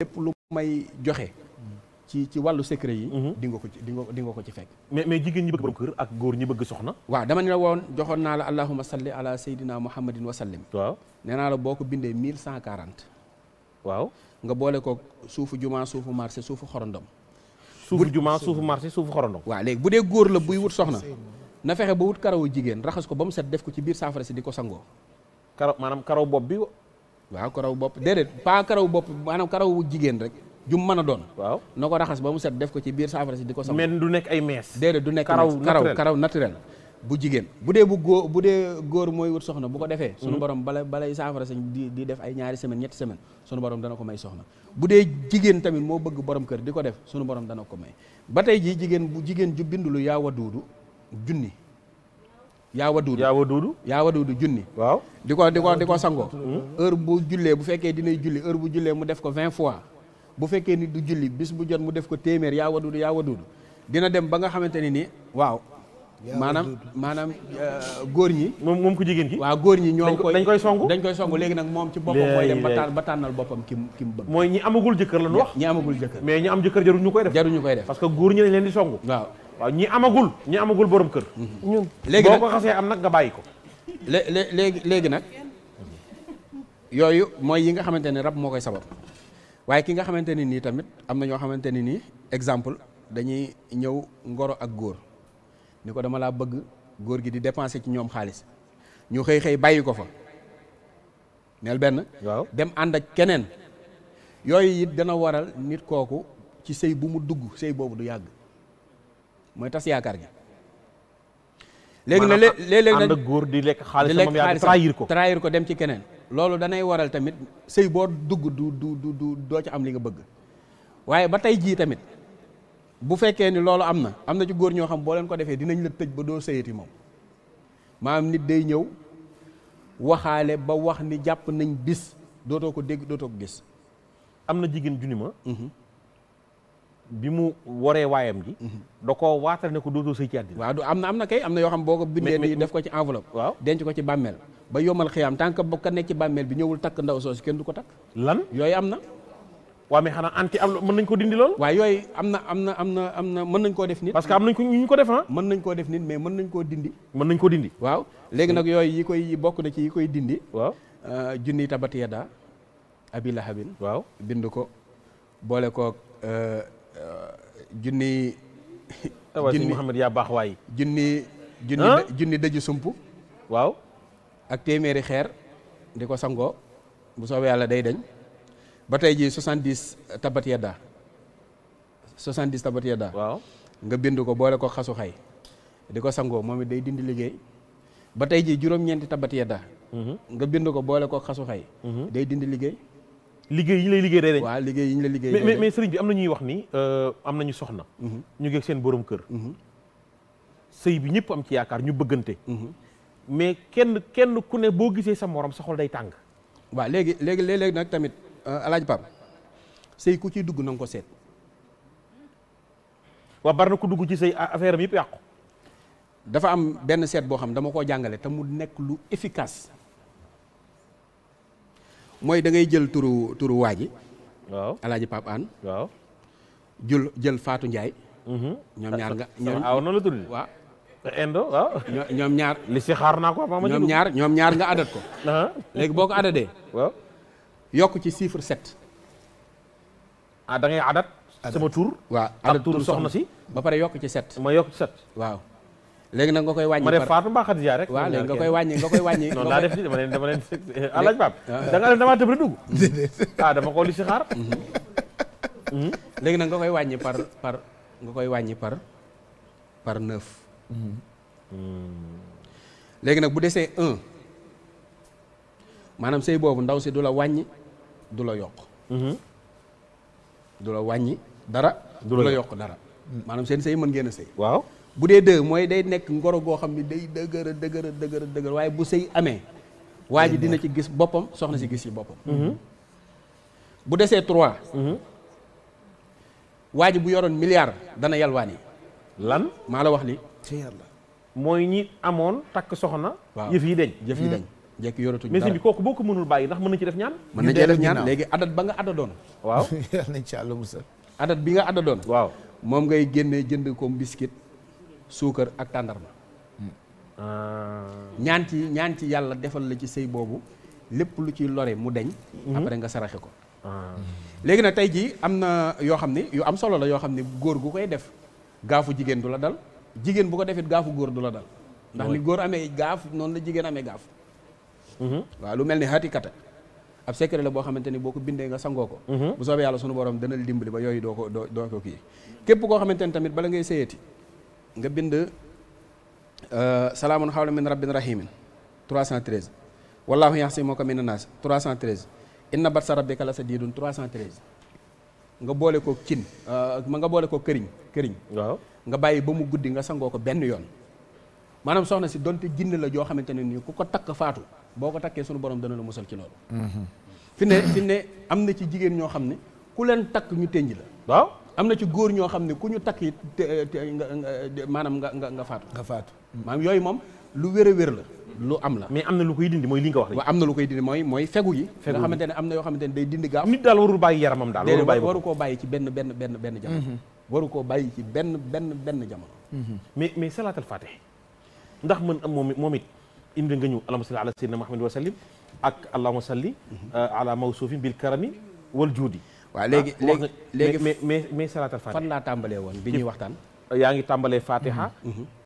lépp lu may joxe ci ci wàllu secret yi mhm. di nga ko ci di nga di nga ko ci fekk mais mais jigéen ñi bëgg borom kër ak góor ñi bëgg soxna waaw dama ne la woon joxoon naa la allahuma salli ala sayyidina muhammadin wa sallim waaw nee naa la boo ko bindee mille cent quarante waaw nga boole ko suufu jumaa suufu marché suufu xorondom suufu jumaa suufu marché suufu xorondom waa léegi bu dee góor la buy wut soxna na fexe ba wut karawu jigéen raxas ko ba mu set def ko ci biir saafara si di ko sangoo waaw karaw bopp déedéet pas karaw bopp maanaam karaw jigéen rek jum mën a doon waaw na ko raxas ba mu set def ko ci biir saafara si di ko sam men du nekk ay mees déedéet du nekk karaw karaw naturel bu jigéen bu dee bu góor bu dee góor mooy wut soxna bu ko defee mhm. sunu borom bala balay saafara si di di def ay ñaari semaine ñetti semaine sunu borom dana ko may soxna bu dee jigéen tamit moo bëgg borom kër di ko def sunu borom dana ko may ba tey jii jigéen bu jigéen ju bindulu yaa waduudu junni yaa waduudu yaa waduudu yaa waduudu junni waaw di ko di ko di ko sangoo hmm? heure bu jullee bu fekkee dina julli heure bu jullee mu def ko vingt fois bu fekkee ni du julli bis bu jot mu def ko téeméer yaa waduudu yaa waduudu dina dem ba nga xamante ne ni waaw maanaam maanaam euh, góor ñi moom moom ko jigéen ki waaw góor ñi ñoo koy dañ koy songu léegi nag moom ci boppam mooy dem ba tànnal boppam ki mu bëgg mooy ñi amagul jëkkër la ñu wax ñi amagul jëkkër mais ñi am jëkkër jaruñu koy que góor ñi dañ leen waaw ñii amagul ñi amagul borom kër. Mhm. ñun léegi am nag nga bàyyi ko. léegi léegi nag yooyu mooy yi nga xamante ni rab moo koy sabab waaye ki nga xamante ni nii tamit am na ñoo xamante ne nii exemple dañuy ñëw ngoro ak góor ni ko dama laa bëgg góor gi di dépenser ci ñoom xaalis ñu xëy xëy bàyyi ko fa. neel benn. waaw dem ànd ak keneen. yooyu it dana waral nit kooku ci sëy bu mu dugg sëy boobu du yàgg. mooy tas yaakaar gi. léegi na léeg-léeg nag góor di lekk xaalis trahir ko trahir ko dem ci keneen. loolu danay waral tamit sëy boo dugg du du du doo ci am li nga bëgg waaye ba tey jii tamit bu fekkee ni loolu am na am na ci góor ñoo xam boo leen ko defee dinañ la tëj ba doo sëyati moom maanaam nit day ñëw waxaale ba wax ni jàpp nañ bis dootoo ko dégg dootoo ko gis. am na jigéen junni ma. Mhm. bi mu waree waayam ji mhm. da koo waatal ne ko dootoo sëy ci àddina waaw du am na am na kay am na yoo xam boo ko bindee ni def ko ci enveloppe waaw denc ko ci bàmmeel ba yomal xiyaam tant que ba ka nekk ci bàmmeel kenn du ko takk lan yooyu am na waaw mais xanaa anti am mën nañ ko dindi lool waaw yooyu am na am na am na am na mën nañ koo def nit parce que am nañ ko ñu ko def ah? mën nañ koo def nit mais mën nañ koo dindi mën nañ koo dindi waaw léegi hmm. nag yooyu yi koy bokk na ci yi koy dindi waaw euh, junniy daa yedda abi lahabin waaw bind ko boole koo euh, Euh, junni. Eh junni Mouhamed yaa waay. junni junni junni dëj sump. waaw. ak téeméeri xeer di ko sangoo bu soobee yàlla day dañ ba tey ji soixante-dix tabat yedda soixante-dix tabat yedda nga bind ko boole ko xasu xay di ko sangoo moom it day dindi liggéey ba tey jii juróom-ñeenti tabat yedda mhm. nga bind ko boole ko xasu xay mhm. day dindi liggéey liggéey yi ñu lay liggéey day dañ waaw liggéey yi ñu lay liggéey mais mais sëriñ bi am na ñuy wax ni euh, am nañu soxna mhm. ñu ngeeg seen borom kër mhm. sëy bi ñëpp am ci yaakaar ñu bëggante mhm. mais kenn kenn ku ne boo gisee sa morom sa day tàng waa léegi léegi léeg nag tamit euh, alaaj pam sëy ku ciy dugg na ko seet waaw bari na ku dugg ci sëy affaire am yëpp yàqu dafa am benn seet boo xam dama koo jàngale te mu nekk lu efficace mooy da ngay jël turu turu waa ji. waaw alaaji Pape Anne. waaw jël jël Fatou mhm. ñoom ñaar nga ñoom aw ñoom ñaar li si xaar naa ko ma ñaar ñoom ñaar nga adat ko. léegi boo ko adatee. yokk ci chiffre 7. ah da ngay adat. sama tur. waaw adat tur soxna si. ba pare yokk ci set ma yokk ci 7 waaw. léegi nag nga koy wàññi. ma ne Fatou mbaa Khadija rek. waaw léegi nga koy wàññi nga koy wàññi. non daa def dama leen dama ko li mhm. mhm. léegi nag koy wàññi par par nga koy wàññi par par neuf. Mhm. léegi nag bu desee un maanaam sëy boobu ndaw si du la wàññi du la yokk. du la wàññi dara. du la yokk dara. maanaam seen sëy mën ngeen sëy bu dee dëgg mooy day nekk ngoro goo xam ne day dëgër dëgër dëgër dëgër waaye bu sëy amee waa dina ci gis boppam soxna si gis ci boppam mm-hmm. bu desee trois mm-hmm. waa bu yoroon milliard dana yalwaan yi lan maa la wax li ci yàlla mooy ñi amoon takk soxna waaw yëf yi deñ yëf yi deñ mm. jekk yoratuñ dara mais bi kooku boo ko mënul bàyyi ndax mën na ci def ñaan mën na ci def ñaan léegi adat ba nga adda doon waaw nañ ci àll musal adat bi nga adda waaw moom ngay génne jënd ko biscuit suukar ak tàndarma ah. ñaan ci ñaan yàlla defal la ci sëy boobu lépp lu ci lore mu deñ mhm. après nga saraxe ko ah. léegi nag tey jii am na yoo xam ne yu am solo la yoo xam ne góor gu koy def gaafu jigéen du la dal jigéen bu ko defit gaafu góor du la dal ndax ni góor amee gaaf noonu la jigéen amee gaaf mhm. waaw lu mel ni xati kata ab secret la boo xamante ni boo ko bindee nga sangoo ko mhm. bu soobee yàlla sunu borom dana dimbali ba yooyu doo ko doo ko kii képp nga bind euh, salaamun xawla min rabbin rahimin 313 wallaahu yaxsimuka mina naas 313 inna batsa rabbika la sadiidun 313 nga boole ko cin euh, ma nga boole ko këriñ këriñ waaw nga bàyyi ba mu guddi nga sangoo ko benn yoon maanaam soxna si donte jinne la joo xamante ne nii ku ko takk faatu boo ko takkee sunu borom dana la musal ci loolu mhm. fi ne fi ne am na ci jigéen ñoo xam ne ku leen takk ñu tenj la waaw am na ci góor ñoo xam ne ku ñu takk it maanaam nga nga nga faatu. nga faatu maam mm. yooyu moom lu wér a wér la. lu am la mais am na lu koy dindi mooy li nga wax. waaw am na lu koy dindi mooy mooy fegu yi. fegu ne am na yoo xamante ne day dindi gaaw. nit daal warul bàyyi yaramam daal. warul bàyyi waru koo bàyyi ci benn benn benn benn jamono. Mm-hmm. waru koo bàyyi ci benn benn benn jamono. Mm-hmm. mais mais salaatal faatih ndax mën moom it moom it indi nga ñu allahumma salli ala sayyidina Muhammad wa sallim ak allahumma salli mm-hmm. euh, ala mawsuufin bil karami wal juudi waaw léegi ah, léegi léegi mais mais mais salaatal faatiha fan laa tàmbalee woon bi ñuy waxtaan yaa ngi tàmbalee faatiha mm-hmm. mm-hmm.